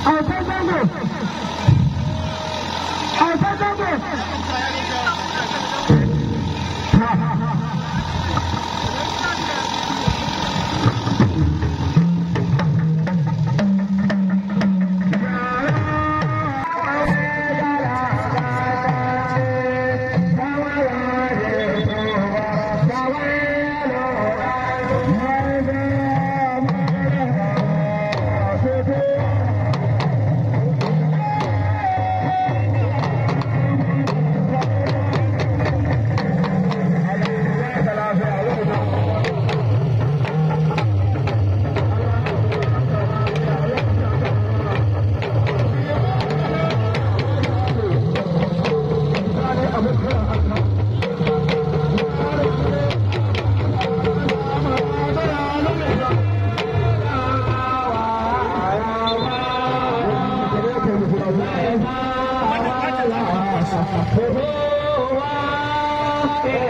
अच्छा ॿियो अचो बजे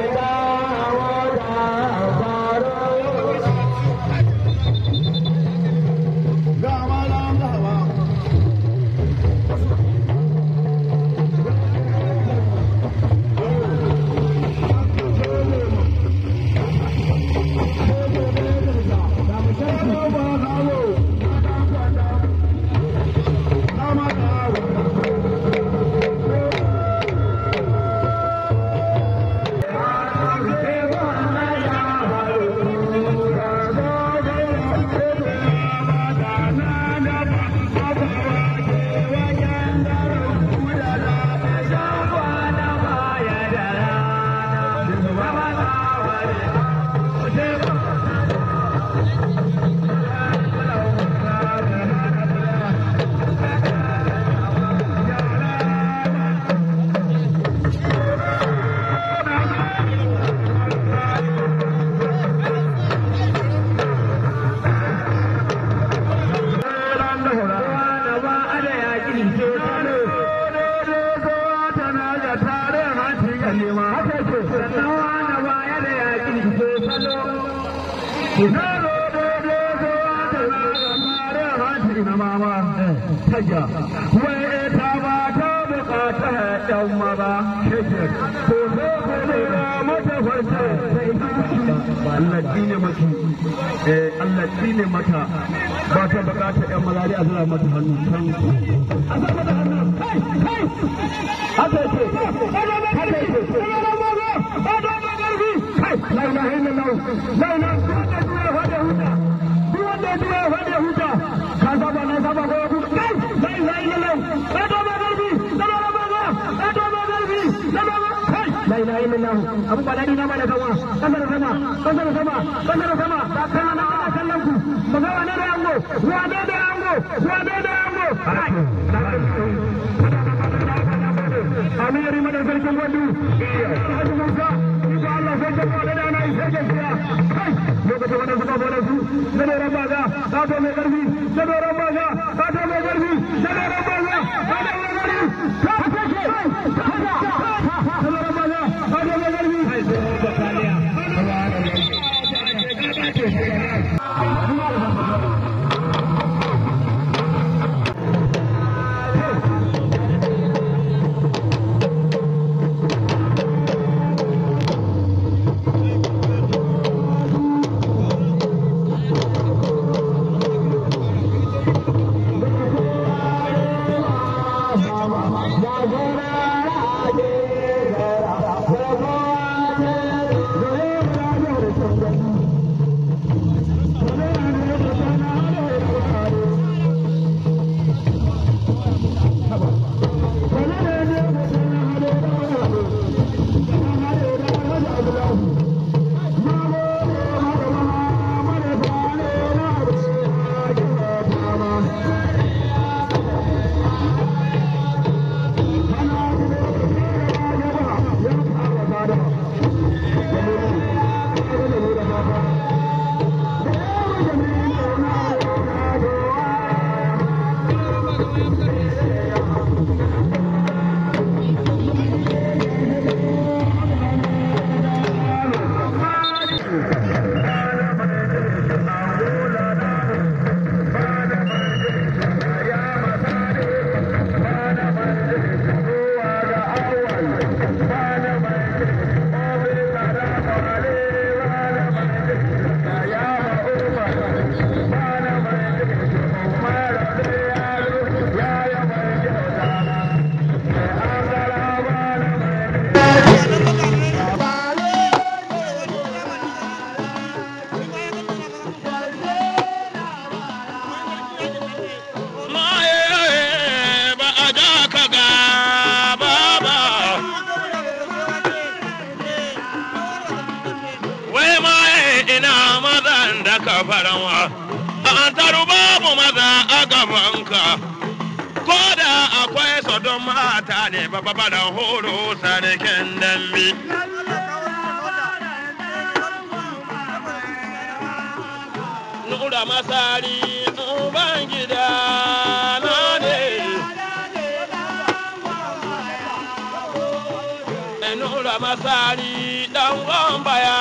¡Gracias! adamawa taja wai ita ba ta bukata yan maza shajar ko da haka ce haka ce sama sama ta kana na ana kallon ku ba wane da yango wane da yango wane da yango amiri madan sarkin wadu Allah sai ta kwada da ana isa gaskiya kai lokacin wannan suka bada su da doron baga ta to mai karfi da doron baga taru babu maza a gabanka ko da akwai sadon mata ne babba da horo sarkin dambi nura masari na ne nura masari ɗan gwambaya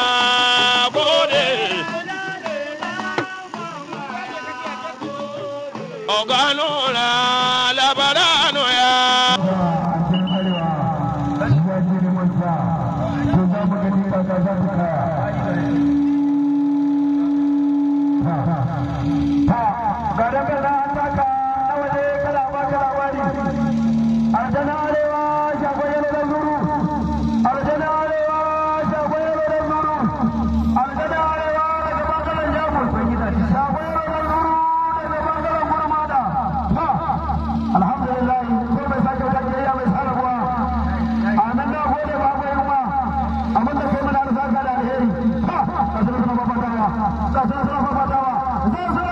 Lola Kata-kata bapak tawa.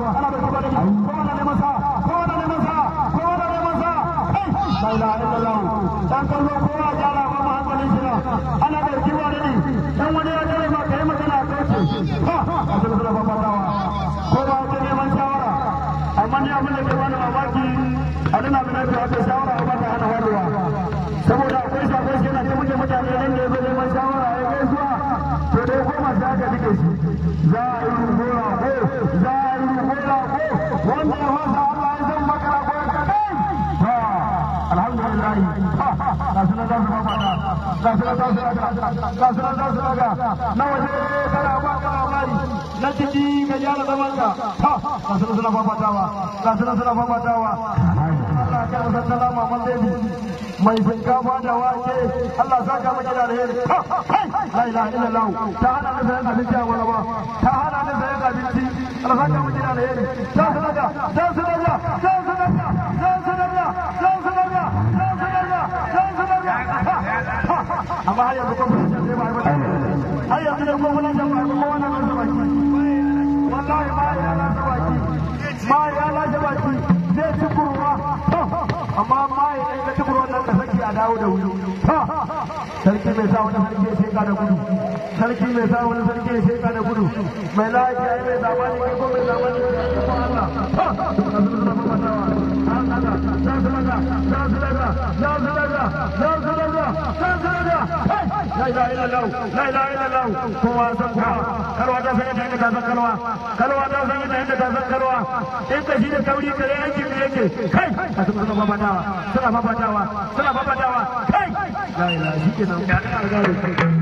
Ko ba ta neman shawara, amma ni abin da ke bani mamaki a nuna mai nafi wata shawara. wanda ya Allah za su mafada ga sunan za su raga na na ciki ka zaman ka suna suna ya salama mai shinkafa da wake saka da ta hana a gwalaba ta hana da amma har yanzu kuma sai ba ba da kuma zai da saki a dawo da wuri sa wani sarki gudu mai sa wani sarki gudu mai lafiya mai zamani kai zamani da ka san da san da in yake la ilaha shi ke nan gane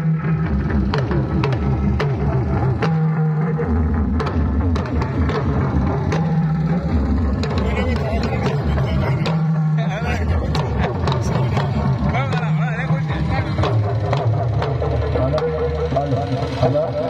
Hello?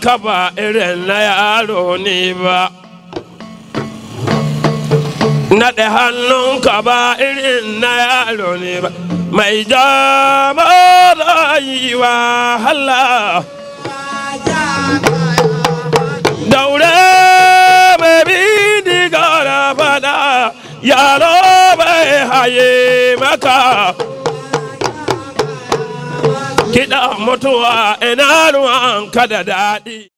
kaba irin na yaro ne ba naɗe hannun kaba irin na yaro ne ba mai yi wa hala daure mai bi diga fada yaro bai haye maka da mutuwa ina ruwan ka da daɗi